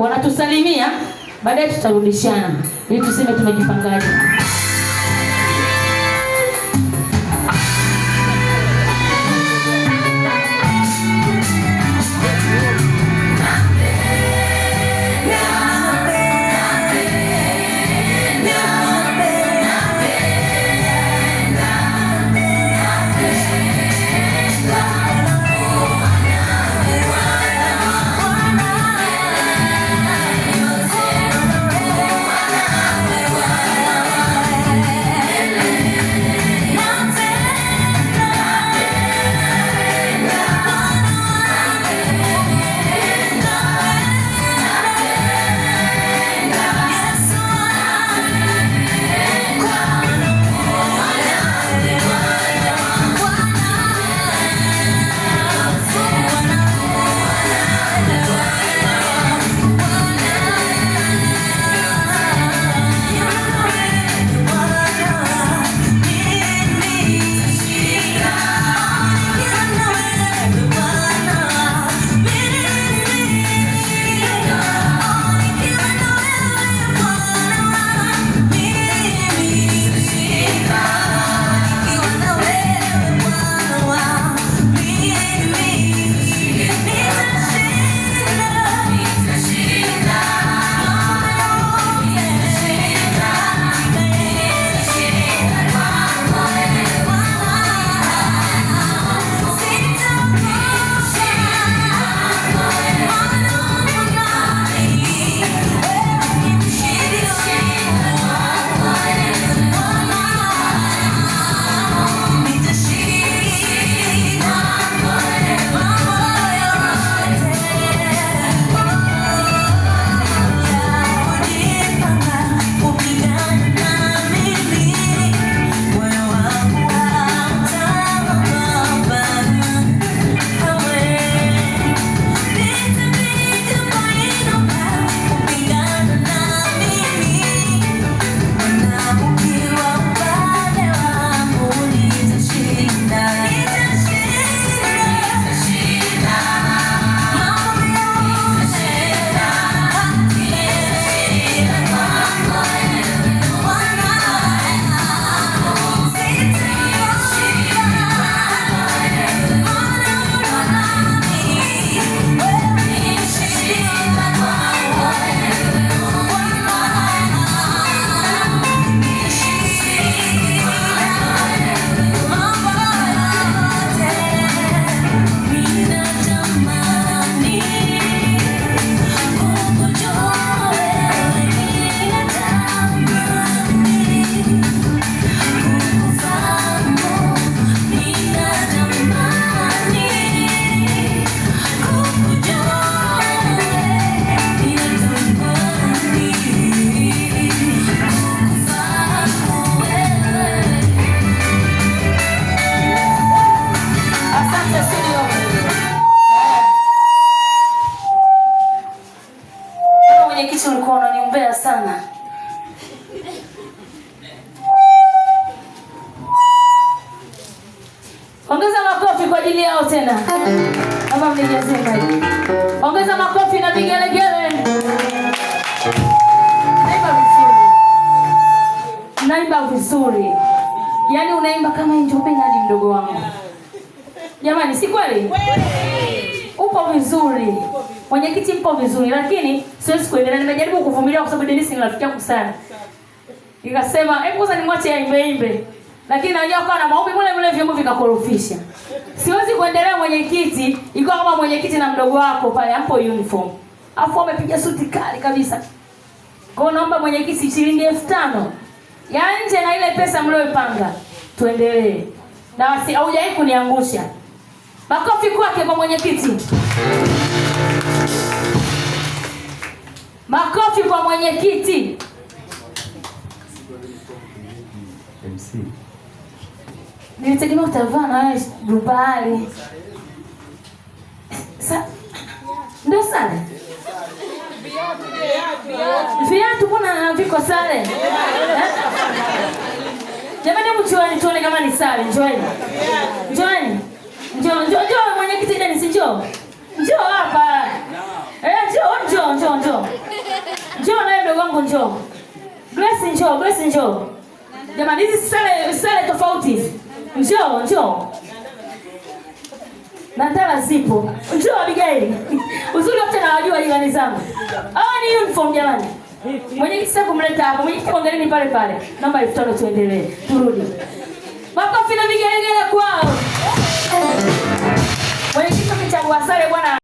wanatusalimia, baadaye tutarudishana ili tuseme tumejipangaje. ajili yao tena. Kama hivi. ongeza makofi na vigelegele. Naimba vizuri, naimba vizuri, yaani unaimba kama Angel Benard mdogo wangu. Jamani, si kweli? Upo vizuri mwenyekiti, mpo vizuri, lakini siwezi kuendelea. Nimejaribu kuvumilia kwa sababu Dennis ni rafiki yangu sana, nikasema hebu kwanza nimwache aimbe imbe lakini najua kwa na maombi mule mule vyombo vikakorofisha. Siwezi kuendelea mwenyekiti, ikiwa kama mwenyekiti na mdogo wako pale hapo uniform. Afu amepiga suti kali kabisa. Kwa hiyo naomba mwenyekiti shilingi elfu tano ya nje na ile pesa mlioipanga. Tuendelee. Na wasi haujawahi kuniangusha. Makofi kwake kwa mwenyekiti. Makofi kwa mwenyekiti. MC nilitegemea utavaa na wewe Dubai. Ndio sare viatu, mbona viko sare eh? jamani, hebu chuoni tuone kama ni sare. Njooni, njooni, njoo, njoo, njoo mwenyekiti Dennis, njoo, njoo hapa, eh, njoo, njoo, njoo, njoo, njoo naye mdogo wangu, njoo Grace, njoo Grace, njoo jamani, hizi sare, sare tofauti Njoo, njoo. Nataka zipo. Njoo Abigail. Uzuri wote nawajua jirani zangu. awa ni uniform jamani. Mwenyekiti sasa kumleta hapo. Mwenyekiti kuangalieni pale pale. Namba 5000 tuendelee. Turudi. Makofi na vigelegele kwao. Mwenyekiti kichagua sare bwana.